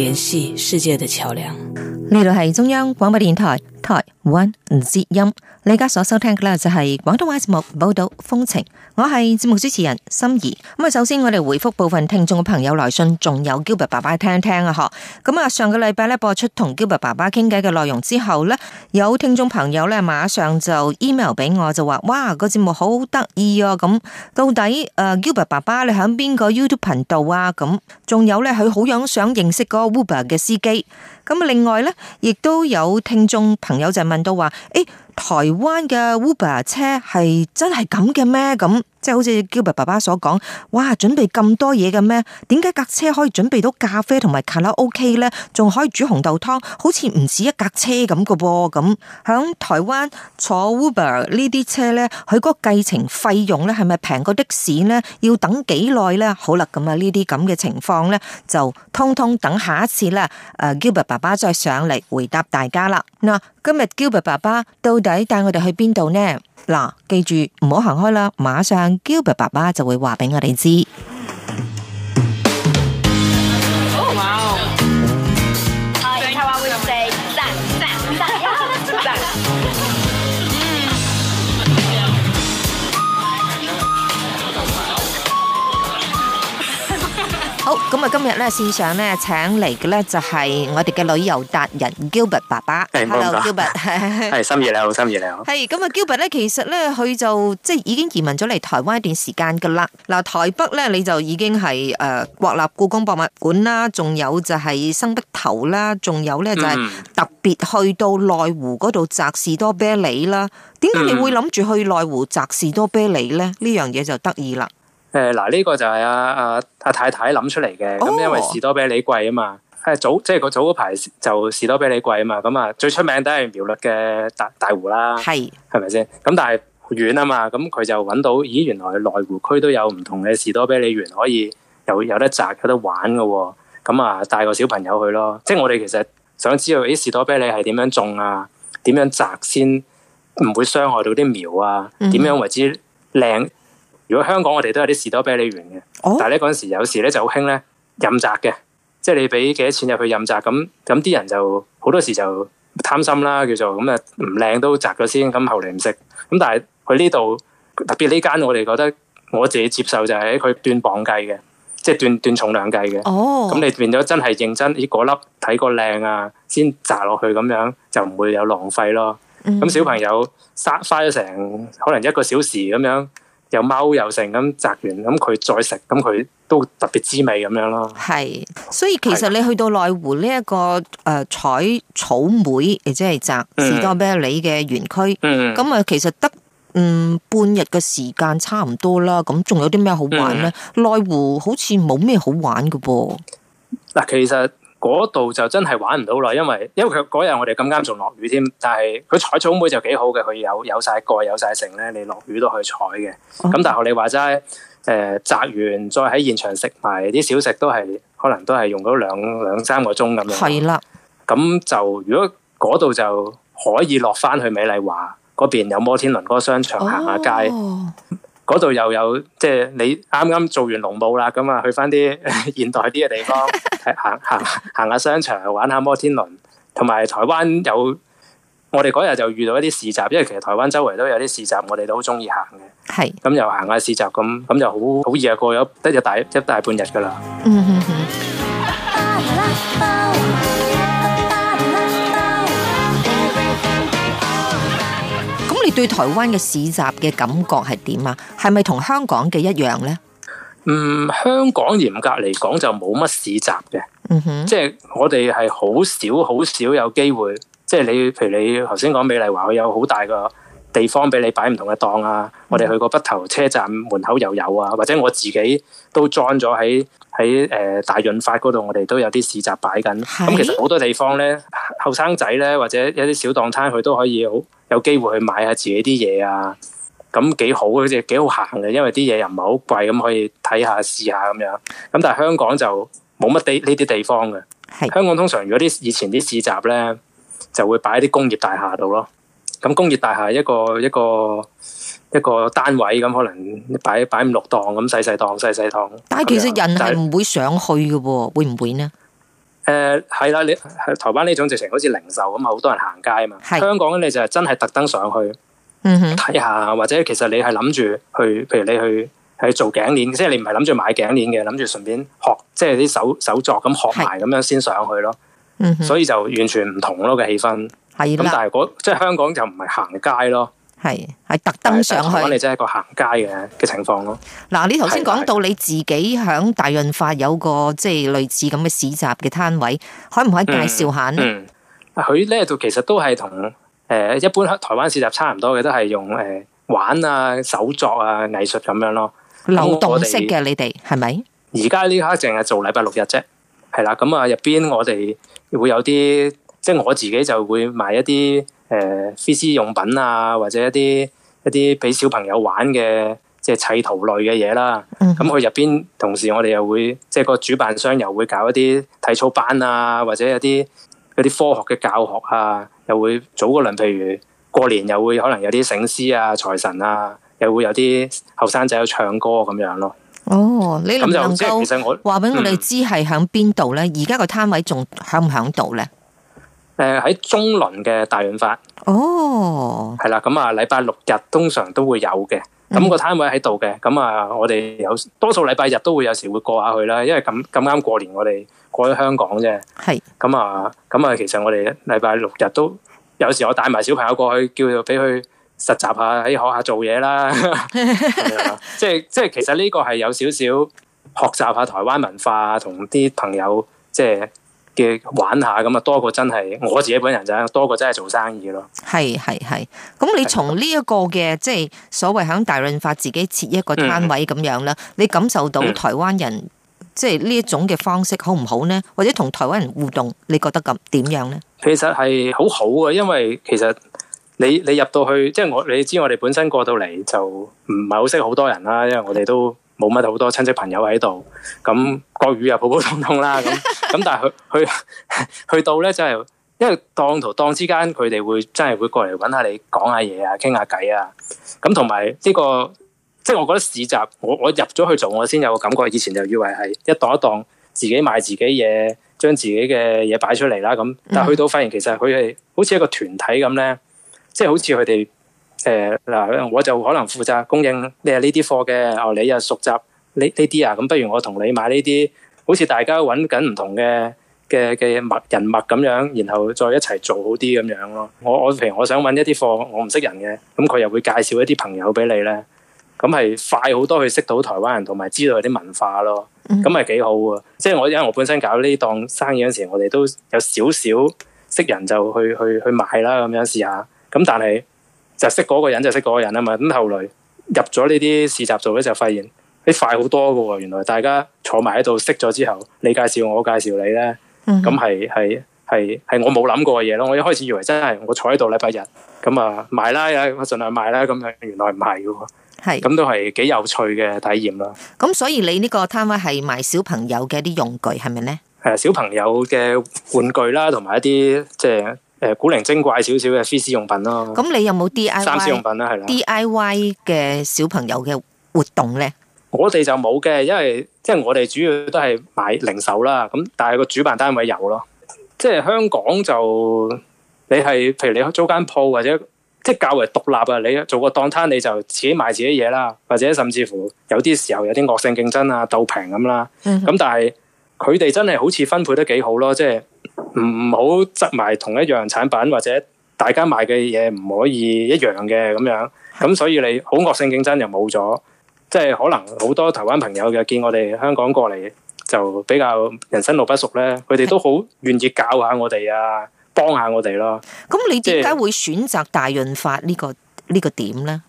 聯繫世界的橋樑，呢度係中央廣播電台台灣之音。你而家所收聽嘅，咧就係廣東話節目《寶島風情》，我係節目主持人心怡。咁啊，首先我哋回覆部分聽眾嘅朋友來信，仲有 Gilbert 爸爸聽聽啊！嗬，咁啊，上個禮拜咧播出同 Gilbert 爸爸傾偈嘅內容之後咧，有聽眾朋友咧馬上就 email 俾我，就話：，哇，個節目好得意哦！咁到底誒，Gilbert 爸爸你響邊個 YouTube 頻道啊？咁仲有咧，佢好想想認識嗰個 Uber 嘅司機。咁另外咧，亦都有聽眾朋友就問到話：，誒、欸。台灣嘅 Uber 車係真係咁嘅咩？咁。即係好似 Gilbert 爸爸所講，哇！準備咁多嘢嘅咩？點解架車可以準備到咖啡同埋卡拉 O、OK、K 呢？仲可以煮紅豆湯，好似唔止一架車咁嘅噃？咁、嗯、響台灣坐 Uber 呢啲車呢？佢嗰個計程費用呢？係咪平過的士呢？要等幾耐呢？好啦，咁啊呢啲咁嘅情況呢，就通通等下一次啦，誒、呃、Gilbert 爸爸再上嚟回答大家啦。嗱、嗯，今日 Gilbert 爸爸到底帶我哋去邊度呢？嗱、啊，記住唔好行開啦，馬上 g i l 爸爸就會話俾我哋知。好，咁啊，今日咧線上咧請嚟嘅咧就係我哋嘅旅遊達人 Gilbert 爸爸。hello Gilbert，係，係、 hey,，心怡你好，心怡你好。咁啊、hey,，Gilbert 咧，其實咧佢就即係已經移民咗嚟台灣一段時間噶啦。嗱，台北咧你就已經係誒、呃、國立故宮博物館啦，仲有就係生碧頭啦，仲有咧就係特別去到內湖嗰度摘士多啤梨啦。點解你會諗住去內湖摘士多啤梨咧？呢樣嘢就得意啦。誒，嗱呢、啊這個就係阿阿阿太太諗出嚟嘅，咁、哦、因為士多啤梨貴啊嘛，係、啊、早即係佢早嗰排就士多啤梨貴啊嘛，咁啊最出名都係苗栗嘅大大湖啦，係係咪先？咁、啊、但係遠啊嘛，咁、啊、佢就揾到，咦原來內湖區都有唔同嘅士多啤梨園可以又有,有得摘，有得玩㗎、啊，咁啊帶個小朋友去咯。即係我哋其實想知道，誒士多啤梨係點樣種啊？點樣摘先唔會傷害到啲苗啊？點樣為之靚？如果香港我哋都有啲士多啤梨園嘅，oh? 但係咧嗰陣時有時咧就好興咧任摘嘅，即係你俾幾多錢入去任摘，咁咁啲人就好多時就貪心啦，叫做咁啊唔靚都摘咗先，咁後嚟唔食。咁但係佢呢度特別呢間，我哋覺得我自己接受就係佢斷磅計嘅，即係斷斷重量計嘅。哦，咁你變咗真係認真，咦嗰粒睇個靚啊，先摘落去咁樣就唔會有浪費咯。咁、mm. 小朋友殺花花咗成可能一個小時咁樣。又踎又成咁摘完，咁佢再食，咁佢都特別滋味咁樣咯。係，所以其實你去到內湖呢、這、一個誒採、呃、草莓，即係摘士多啤梨嘅園區，咁啊、嗯嗯嗯、其實得嗯半日嘅時間差唔多啦。咁仲有啲咩好玩呢？內、嗯、湖好似冇咩好玩㗎噃。嗱，其實。嗰度就真係玩唔到咯，因為因為佢嗰日我哋咁啱仲落雨添，但係佢採草莓就幾好嘅，佢有有晒蓋有晒成咧，你落雨都可以採嘅。咁 Okay. 但係我你話齋，誒、呃，摘完再喺現場食埋啲小食都，都係可能都係用咗兩兩三個鐘咁樣。係啦，咁 就如果嗰度就可以落翻去美麗華嗰邊有摩天輪嗰個商場，oh. 行下街，嗰度又有即係、就是、你啱啱做完農務啦，咁啊去翻啲現代啲嘅地方。 行行行下商場，玩下摩天輪，同埋台灣有我哋嗰日就遇到一啲市集，因為其實台灣周圍都有啲市集，我哋都好中意行嘅。係咁又行下市集，咁咁就好好易咁，有一日大一大半日噶啦。咁、嗯嗯嗯、你對台灣嘅市集嘅感覺係點啊？係咪同香港嘅一樣呢？嗯，香港嚴格嚟講就冇乜市集嘅，哼、mm，hmm。即係我哋係好少好少有機會，即係你，譬如你頭先講美麗華，佢有好大個地方俾你擺唔同嘅檔啊。Mm hmm。我哋去個北投車站門口又有啊，或者我自己都裝咗喺喺誒大潤發嗰度，我哋都有啲市集擺緊。咁是、嗯、其實好多地方咧，後生仔咧或者一啲小檔攤，佢都可以好有機會去買下自己啲嘢啊。咁幾好嘅，即係幾好行嘅，因為啲嘢又唔係好貴，咁可以睇下試下咁樣。咁但係香港就冇乜地呢啲地方嘅。係是的 香港通常如果啲以前啲市集咧，就會擺喺啲工業大廈度咯。咁工業大廈一個一個一個單位咁，可能擺擺五六檔咁，細細檔細細檔。細細但係其實人係唔會上去嘅，是會唔會呢？誒、呃，係啦，你台灣呢種直情好似零售咁啊，好多人行街啊嘛。是的 香港你就係真係特登上去。睇下、mm hmm.，或者其實你係諗住去，譬如你去去做頸鏈，即係你唔係諗住買頸鏈嘅，諗住順便學，即係啲手手作咁學埋咁樣先上去咯。Mm hmm. 所以就完全唔同咯嘅氣氛。係咁的，但係嗰即係香港就唔係行街咯。係係特登上去，即係一個行街嘅嘅情況咯。嗱，你頭先講到你自己響大潤發有個即係類似咁嘅市集嘅攤位，可唔可以介紹下？佢呢度其實都係同。誒、呃，一般喺台灣市集差唔多嘅都係用誒、呃、玩啊、手作啊、藝術咁樣咯，流動式嘅，你哋係咪？而家呢刻淨係做禮拜六日啫，係啦。咁、嗯、啊，入邊我哋會有啲，即係我自己就會賣一啲誒，PC、呃、用品啊，或者一啲一啲俾小朋友玩嘅，即係砌圖類嘅嘢啦。咁佢入邊同時我哋又會，即係個主辦商又會搞一啲體操班啊，或者一有啲嗰啲科學嘅教學啊。又會早嗰輪，譬如過年又會可能有啲醒獅啊、財神啊，又會有啲後生仔去唱歌咁樣咯。哦，你能夠話俾、嗯、我哋知係響邊度咧？而家個攤位仲響唔響度咧？誒、呃，喺中崙嘅大潤發。哦，係啦，咁、嗯、啊，禮拜六日通常都會有嘅。咁、嗯、個攤位喺度嘅，咁啊，我哋有多數禮拜日都會有時會過下去啦，因為咁咁啱過年，我哋過咗香港啫。係是，咁啊，咁啊，其實我哋禮拜六日都有時我帶埋小朋友過去，叫俾佢實習下喺學校做嘢啦。 啊、即係即係，其實呢個係有少少學習下台灣文化，同啲朋友即係。嘅玩下咁啊，多過真係我自己本人就多過真係做生意咯。係係係，咁你從呢一個嘅即係所謂響大潤發自己設一個攤位咁樣啦，嗯、你感受到台灣人、嗯、即係呢一種嘅方式好唔好呢？或者同台灣人互動，你覺得咁點樣呢？其實係好好嘅，因為其實你你入到去，即係我你知我哋本身過到嚟就唔係好識好多人啦，因為我哋都。冇乜好多親戚朋友喺度，咁國語又普普通通啦，咁咁但係去去去到咧就係、是，因為檔同檔之間佢哋會真係會過嚟揾下你講下嘢啊，傾下偈啊，咁同埋呢個即係、就是、我覺得市集，我我入咗去做，我先有個感覺。以前就以為係一檔一檔自己賣自己嘢，將自己嘅嘢擺出嚟啦，咁但係去到發現其實佢係好似一個團體咁咧，即、就、係、是、好似佢哋。誒，嗱，我就可能負責供應你啊呢啲貨嘅。哦，你又熟習呢呢啲啊，咁不如我同你買呢啲。好似大家揾緊唔同嘅嘅嘅人物咁樣，然後再一齊做好啲咁樣咯。我我譬如我想揾一啲貨，我唔識人嘅，咁佢又會介紹一啲朋友俾你咧。咁係快好多去識到台灣人同埋知道啲文化咯。咁咪幾好啊！嗯、即係我因為我本身搞呢檔生意嗰時，我哋都有少少識人就去去去，去買啦，咁樣試下。咁但係。就識嗰個人就識嗰個人啊嘛，咁後來入咗呢啲市集做咧，就發現你快好多噶喎，原來大家坐埋喺度識咗之後，你介紹我，我介紹你咧，咁係係係係我冇諗過嘅嘢咯，我一開始以為真係我坐喺度禮拜日咁啊賣啦，咁我盡量賣啦，咁樣原來唔係噶喎，係咁是都係幾有趣嘅體驗咯。咁所以你呢個攤位係賣小朋友嘅啲用具係咪咧？係，小朋友嘅玩具啦，同埋一啲即係。誒，古靈精怪少少嘅粉絲用品咯。咁你有冇 D I Y？三 C 用品啦，係啦。D I Y 嘅小朋友嘅活動咧，我哋就冇嘅，因為即係我哋主要都係買零售啦。咁但係個主辦單位有咯，即係香港就你係，譬如你租間鋪或者即係較為獨立啊，你做個檔攤，你就自己賣自己嘢啦，或者甚至乎有啲時候有啲惡性競爭啊，鬥平咁啦。嗯。 咁但係佢哋真係好似分配得幾好咯，即係。唔好執埋同一樣產品，或者大家賣嘅嘢唔可以一樣嘅咁樣，咁所以你好惡性競爭又冇咗，即係可能好多台灣朋友嘅見我哋香港過嚟就比較人生路不熟咧，佢哋都好願意教下我哋啊，幫下我哋咯。咁你點解會選擇大潤發呢個呢個點咧？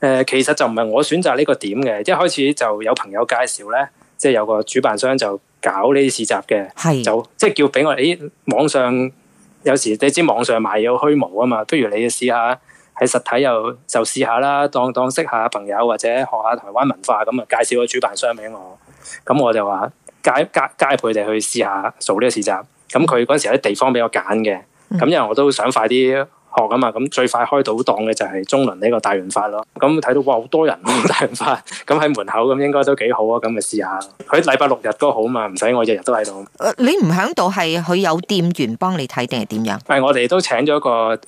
誒，其實就唔係我選擇呢個點嘅，一開始就有朋友介紹咧，即係有個主辦商就。搞呢啲市集嘅，的就即係叫俾我哋、欸。網上有時你知網上買嘢好虛無啊嘛，不如你試下喺實體又就試下啦，當當識下朋友或者學下台灣文化咁啊，介紹個主辦商俾我，咁我就話介介介陪佢哋去試下做呢個市集。咁佢嗰陣時喺地方俾我揀嘅，咁、嗯、因為我都想快啲。學啊咁最快開到檔嘅就係中崙呢個大潤發咯。咁睇到哇，好多人、啊、大潤發，咁喺門口咁應該都幾好啊。咁咪試下，佢禮拜六日都好嘛，唔使我日日都喺度。你唔響度係佢有店員幫你睇定係點樣？係、嗯、我哋都請咗個誒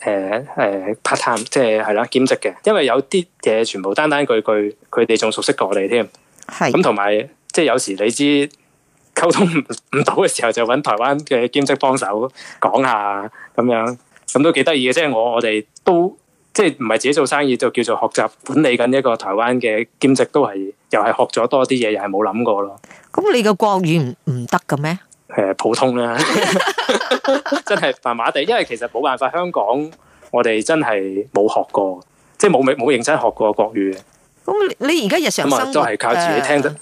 誒 part time，即係係啦兼職嘅。因為有啲嘢全部單單句句，佢哋仲熟悉過我哋添。係的。咁同埋即係有時你知溝通唔唔到嘅時候，就揾台灣嘅兼職幫手講下咁樣。咁都幾得意嘅，即係我我哋都即係唔係自己做生意，就叫做學習管理緊一個台灣嘅兼職，都係又係學咗多啲嘢，又係冇諗過咯。咁你嘅國語唔唔得嘅咩？誒，普通啦，真係麻麻地，因為其實冇辦法，香港我哋真係冇學過，即係冇未冇認真學過國語嘅。咁你而家日常生活都係靠自己聽得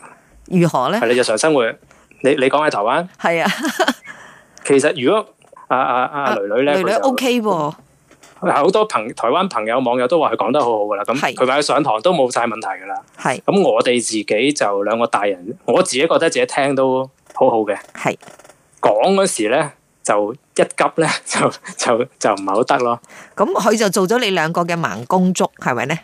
如何咧？係你日常生活，你你講喺台灣？係啊，其實如果。阿阿阿囡囡咧，囡囡 O K 喎，係好多朋台灣朋友網友都話佢講得好好噶啦，咁佢話佢上堂都冇晒問題噶啦，係咁我哋自己就兩個大人，我自己覺得自己聽都好好嘅，係講嗰時咧就一急咧就就就唔係好得咯，咁佢就做咗你兩個嘅盲公足係咪咧？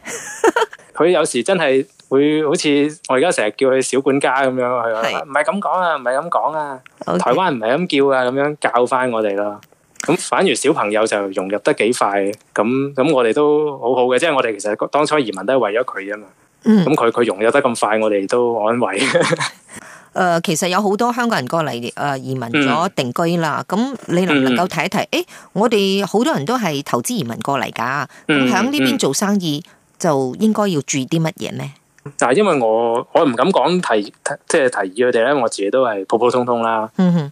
佢有時真係。會好似我而家成日叫佢小管家咁樣，係啊，唔係咁講啊，唔係咁講啊，台灣唔係咁叫啊，咁樣教翻我哋咯。咁反而小朋友就融入得幾快，咁咁我哋都好好嘅，即係我哋其實當初移民都係為咗佢啊嘛。嗯，咁佢佢融入得咁快，我哋都安慰。誒，其實有好多香港人過嚟誒移民咗定居啦。咁你能唔能夠睇一睇？誒，我哋好多人都係投資移民過嚟噶，咁喺呢邊做生意就應該要注意啲乜嘢呢？但嗱，因為我我唔敢講提即係提，提，提議佢哋咧，我自己都係普普通通啦。誒、mm hmm.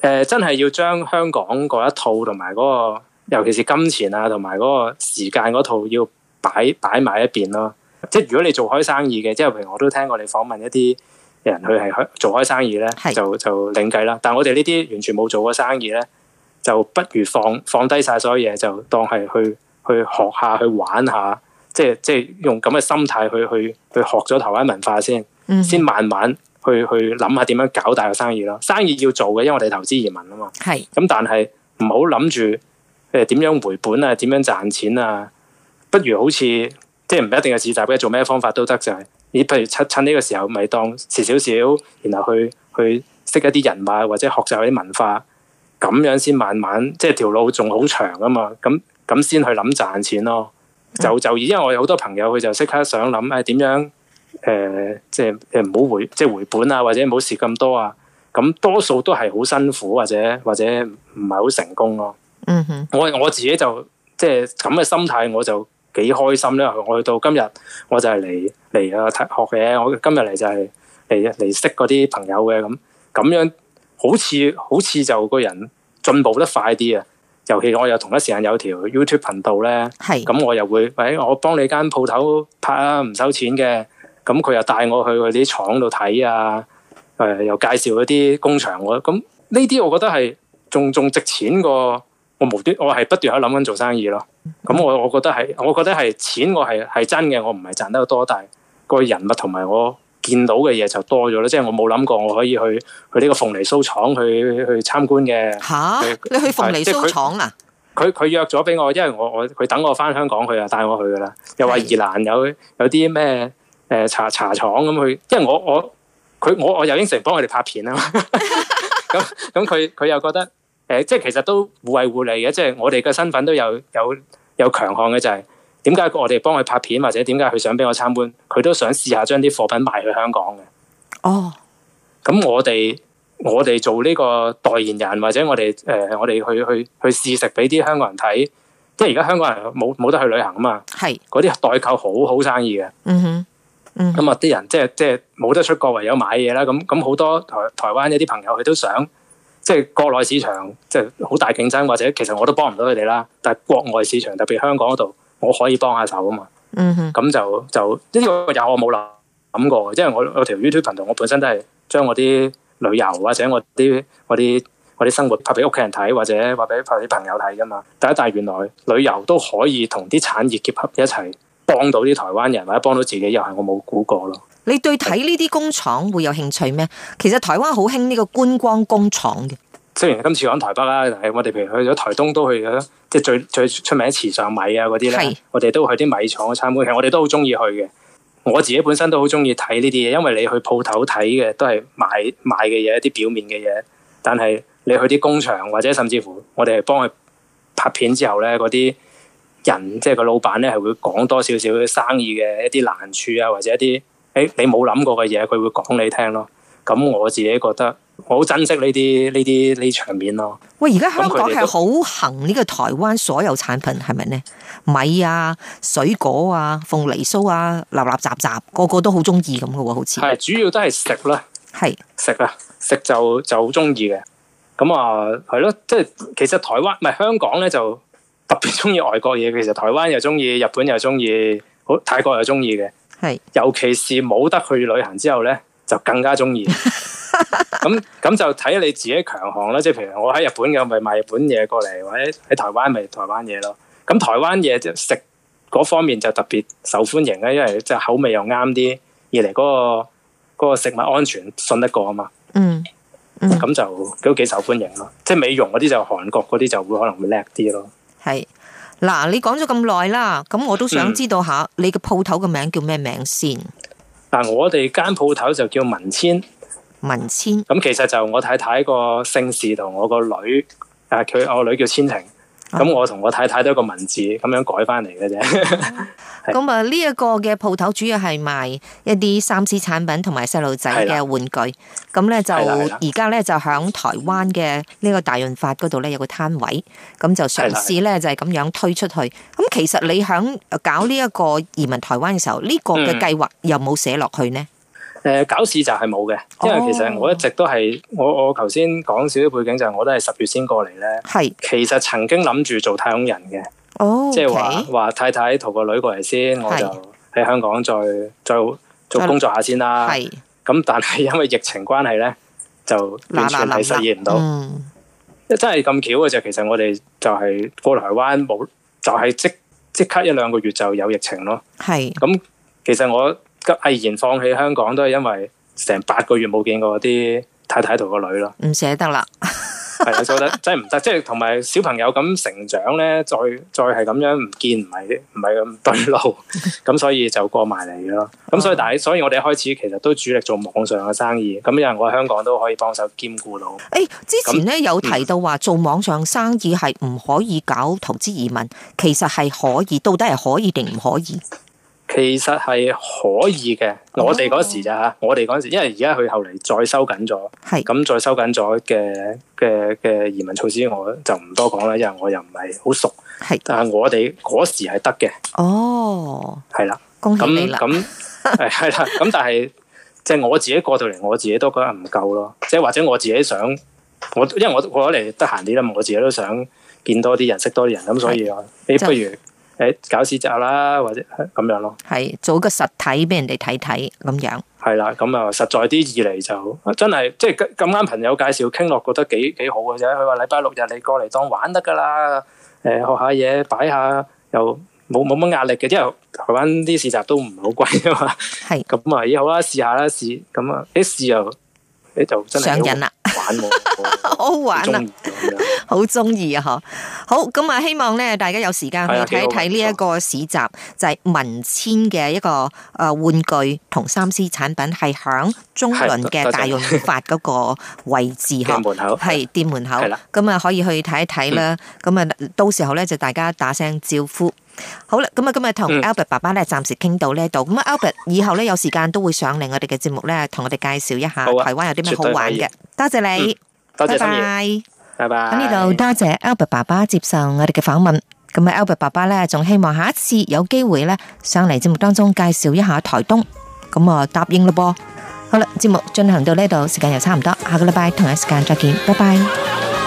呃，真係要將香港嗰一套同埋嗰個，尤其是金錢啊，同埋嗰個時間嗰套要擺擺埋一邊咯。即係如果你做開生意嘅，即係譬如我都聽過你訪問一啲人去係做開生意咧、mm hmm.，就就另計啦。但係我哋呢啲完全冇做過生意咧，就不如放放低晒所有嘢，就當係去去學下，去玩下。即係即係用咁嘅心態去去去學咗台灣文化先，嗯、先慢慢去去諗下點樣搞大個生意咯。生意要做嘅，因為我哋投資移民啊嘛。係咁是、嗯，但係唔好諗住誒點樣回本啊，點樣賺錢啊。不如好似即係唔一定係市集嘅做咩方法都得，就係、是、你譬如趁趁呢個時候咪當遲少少，然後去去識一啲人脈或者學習啲文化，咁樣先慢慢即係條路仲好長啊嘛。咁咁先去諗賺錢咯。就就而家，因為我有好多朋友，佢就即刻想諗，誒、哎、點樣，誒、呃，即係誒唔好回，即係回本啊，或者冇蝕咁多啊。咁多數都係好辛苦，或者或者唔係好成功咯、啊。嗯哼，我我自己就即係咁嘅心態我心、啊我，我就幾開心啦。我去到今日，我就係嚟嚟啊學嘅。我今日嚟就係嚟嚟識嗰啲朋友嘅咁。咁樣好似好似就個人進步得快啲啊！尤其我又同一時間有條 YouTube 頻道咧，咁的我又會，誒、哎，我幫你間鋪頭拍啦，唔收錢嘅，咁佢又帶我去啲廠度睇啊，誒、呃，又介紹嗰啲工場喎，咁呢啲我覺得係仲仲值錢過我無端，我係不斷喺諗緊做生意咯。咁我我覺得係，我覺得係錢，我係係真嘅，我唔係賺得多，但係個人物同埋我，見到嘅嘢就多咗啦，即係我冇諗過我可以去去呢個鳳梨酥廠去去參觀嘅。吓，去你去鳳梨酥廠啊？佢佢約咗俾我，因為我我佢等我翻香港，佢就帶我去噶啦。又話宜蘭有有啲咩誒茶茶廠咁去，因為我我佢我我又應承幫佢哋拍片啊嘛。咁咁佢佢又覺得誒，即係其實都互惠互利嘅，即係我哋嘅身份都有有有強項嘅就係。點解我哋幫佢拍片，或者點解佢想俾我參觀，佢都想試下將啲貨品賣去香港嘅。哦、oh.，咁我哋我哋做呢個代言人，或者我哋誒、呃、我哋去去去試食俾啲香港人睇，即係而家香港人冇冇得去旅行啊嘛。係嗰啲代購好好生意嘅。嗯咁啊，啲、hmm. mm hmm. 人即係即係冇得出國為，唯有買嘢啦。咁咁好多台台灣一啲朋友，佢都想即係國內市場即係好大競爭，或者其實我都幫唔到佢哋啦。但係國外市場特別香港嗰度。我可以幫下手啊嘛，嗯哼，咁就就呢個有我冇諗過，因為我我條 YouTube 頻道，我本身都係將我啲旅遊或者我啲我啲我啲生活拍俾屋企人睇，或者拍俾拍俾朋友睇噶嘛。但一，但係原來旅遊都可以同啲產業結合一齊，幫到啲台灣人或者幫到自己，又係我冇估過咯。你對睇呢啲工廠會有興趣咩？其實台灣好興呢個觀光工廠嘅。雖然今次講台北啦，但係我哋譬如去咗台東都去咗，即係最最出名池上米啊嗰啲咧，是我哋都去啲米廠參觀，其實我哋都好中意去嘅。我自己本身都好中意睇呢啲嘢，因為你去鋪頭睇嘅都係買買嘅嘢，一啲表面嘅嘢，但係你去啲工場或者甚至乎我哋係幫佢拍片之後咧，嗰啲人即係個老闆咧係會講多少少生意嘅一啲難處啊，或者一啲誒、欸、你冇諗過嘅嘢，佢會講你聽咯。咁我自己覺得。我好珍惜呢啲呢啲呢啲場面咯。喂，而家香港係好行呢個台灣所有產品係咪咧？米啊、水果啊、鳳梨酥啊，立立雜雜，個個都好中意咁噶喎，好似係主要都係食啦，係食啊食就就好中意嘅。咁啊係咯，即係其實台灣唔係香港咧，就特別中意外國嘢。其實台灣又中意日本又，又中意好泰國又中意嘅。係是尤其是冇得去旅行之後咧，就更加中意.。 咁咁 就睇你自己強項啦，即係譬如我喺日本嘅，咪賣日本嘢過嚟，或者喺台灣咪台灣嘢咯。咁台灣嘢即係食嗰方面就特別受歡迎咧，因為即係口味又啱啲，二嚟嗰個嗰個食物安全信得過啊嘛。嗯咁、嗯、就都幾受歡迎咯。即係美容嗰啲就韓國嗰啲就會可能會叻啲咯。係嗱，你講咗咁耐啦，咁我都想知道下、嗯、你嘅鋪頭嘅名叫咩名先？但我哋間鋪頭就叫文芊。文芊咁其實就我太太個姓氏同我個女，誒、啊、佢我個女叫芊婷，咁、啊、我同我太太都一個文字咁樣改翻嚟嘅啫。咁啊呢一個嘅鋪頭主要係賣一啲三 C 產品同埋細路仔嘅玩具。咁咧的就而家咧就響台灣嘅呢個大潤發嗰度咧有個攤位，咁就嘗試咧就係咁樣推出去。咁的其實你響搞呢一個移民台灣嘅時候，呢、這個嘅計劃有冇寫落去呢？嗯誒、嗯，搞事就係冇嘅，因為其實我一直都係我我頭先講少少背景就係我都係十月先過嚟咧。係是，其實曾經諗住做太空人嘅，哦、即係話話太太同個女過嚟先，我就喺香港再再做工作下先啦。係，咁但係因為疫情關係咧，就完全係實現唔到。嗯、真係咁巧嘅就，其實我哋就係過台灣冇，就係、是、即即刻一兩個月就有疫情咯。係是，咁其實我。毅然放棄香港，都係因為成八個月冇見過啲太太同個女咯，唔捨得啦，係啊，捨得真係唔得，即係同埋小朋友咁成長咧，再再係咁樣唔見，唔係唔係咁對路，咁 所以就過埋嚟咯。咁 所以但係，所以我哋開始其實都主力做網上嘅生意，咁因為我喺香港都可以幫手兼顧到。誒、欸，之前咧樣有提到話、嗯、做網上生意係唔可以搞投資移民，其實係可以，到底係可以定唔可以？其實係可以嘅，我哋嗰時啫吓，oh. 我哋嗰時，因為而家佢後嚟再收緊咗，係咁是再收緊咗嘅嘅嘅移民措施，我就唔多講啦，因為我又唔係好熟，係的但係我哋嗰時係得嘅，哦、oh. 的，係啦，恭喜你啦，咁係啦，咁但係即係我自己過到嚟，我自己都覺得唔夠咯，即係或者我自己想，我因為我我嚟得閒啲啦，我自己都想見多啲人，識多啲人，咁所以啊的，你不如。誒，搞市集啦，或者係咁樣咯，係做個實體俾人哋睇睇咁樣。係啦，咁啊實在啲意嚟就真係，即係咁啱朋友介紹傾落，覺得幾幾好嘅啫。佢話禮拜六日你過嚟當玩得噶啦，誒學下嘢擺下又冇冇乜壓力嘅，因為台灣啲市集都唔係 的 好貴啊嘛。係咁啊，咪好啦，試下啦，試咁啊，一試又一就真係上癮啦。玩 好玩啊， 好中意啊，嗬！好咁啊，希望咧，大家有時間可以睇一睇呢一個市集，就係文芊嘅一個誒玩具同三 C 產品，係響中崙嘅大潤發嗰個位置，口係的 店門口，咁啊的可以去睇一睇啦，咁啊、嗯、到時候咧就大家打聲招呼。好啦，咁啊，今日同 Albert 爸爸咧暫時傾到呢度。咁啊、嗯、Albert 以後咧有時間都會上嚟我哋嘅節目咧，同我哋介紹一下台灣有啲咩好玩嘅。多謝你，嗯、多謝，拜拜 bye，拜拜。喺呢度多謝 Albert 爸爸接受我哋嘅訪問。咁啊，Albert 爸爸咧仲希望下一次有機會咧上嚟節目當中介紹一下台東。咁啊，答應啦噃。好啦，節目進行到呢度，時間又差唔多，下個禮拜同一時間再見，拜拜。